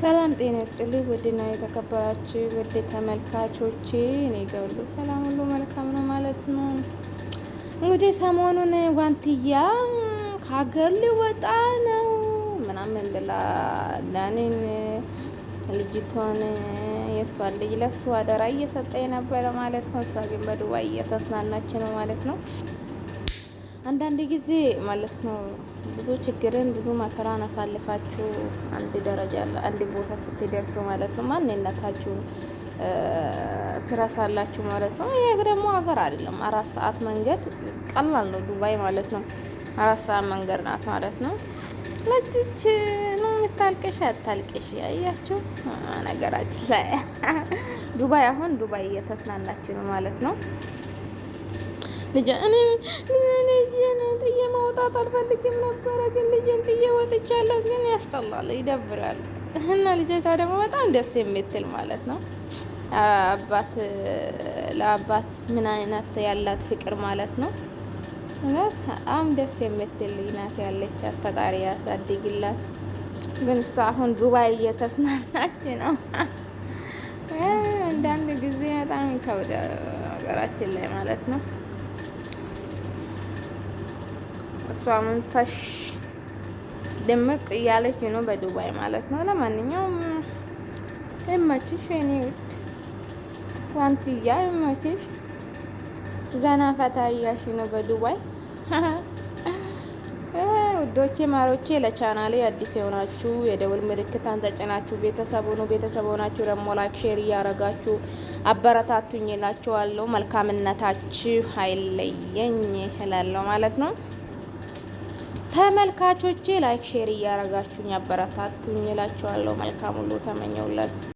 ሰላም ጤና ይስጥልኝ ውድና የተከበራችሁ ውድ ተመልካቾቼ፣ እኔ ጋር ሁሉ ሰላም ሁሉ መልካም ነው ማለት ነው። እንግዲህ ሰሞኑን ዋንትያ ከሀገር ሊወጣ ነው ምናምን ብላ ዳኒን ልጅቷን የእሷን ልጅ ለሱ አደራ እየሰጠ የነበረ ማለት ነው። እሷ ግን በዱባይ እየተስናናች ነው ማለት ነው። አንዳንድ ጊዜ ማለት ነው ብዙ ችግርን ብዙ መከራን አሳልፋችሁ አንድ ደረጃ አንድ ቦታ ስትደርሱ ማለት ነው ማንነታችሁን ትረሳላችሁ ማለት ነው። ይሄ ደግሞ ሀገር አይደለም። አራት ሰዓት መንገድ ቀላል ነው። ዱባይ ማለት ነው አራት ሰዓት መንገድ ናት ማለት ነው። ለዚች ነው የምታልቅሽ አታልቅሽ ያያችሁ ነገራችን ላይ ዱባይ አሁን ዱባይ እየተዝናናችሁ ነው ማለት ነው። ልጄ እኔ ልጄን ጥዬ መውጣት አልፈልግም ነበረ፣ ግን ልጄን ጥዬ ወጥቻለሁ። ግን ያስጠላል፣ ይደብራል። እና ልጄታ ደግሞ በጣም ደስ የምትል ማለት ነው። አባት ለአባት ምን አይነት ያላት ፍቅር ማለት ነው። እውነት በጣም ደስ የምትል ናት ያለቻት። ፈጣሪ ያሳድግላት። ግን እሷ አሁን ዱባይ እየተዝናናች ነው። አንዳንድ ጊዜ በጣም ከብደ ሀገራችን ላይ ማለት ነው። እሷ መንፈሽ ድምቅ እያለች ነው በዱባይ ማለት ነው። ለማንኛውም ይመችሽ የኔ ውድ ዋንትያ፣ ይመችሽ ዘና ፈታ እያልሽ ነው በዱባይ ውዶቼ ማሮቼ። ለቻናሌ አዲስ የሆናችሁ የደውል ምልክታን ተጭናችሁ ቤተሰብ ሆኑ። ቤተሰብ ሆናችሁ ደግሞ ላይክ፣ ሼር እያረጋችሁ አበረታቱኝ እላችኋለሁ። መልካምነታችሁ አይለየኝ እላለሁ ማለት ነው። ተመልካቾቼ ላይክ ሼር እያረጋችሁኝ አበረታቱኝ እላችኋለሁ። መልካም ሁሉ ተመኘውላችሁ።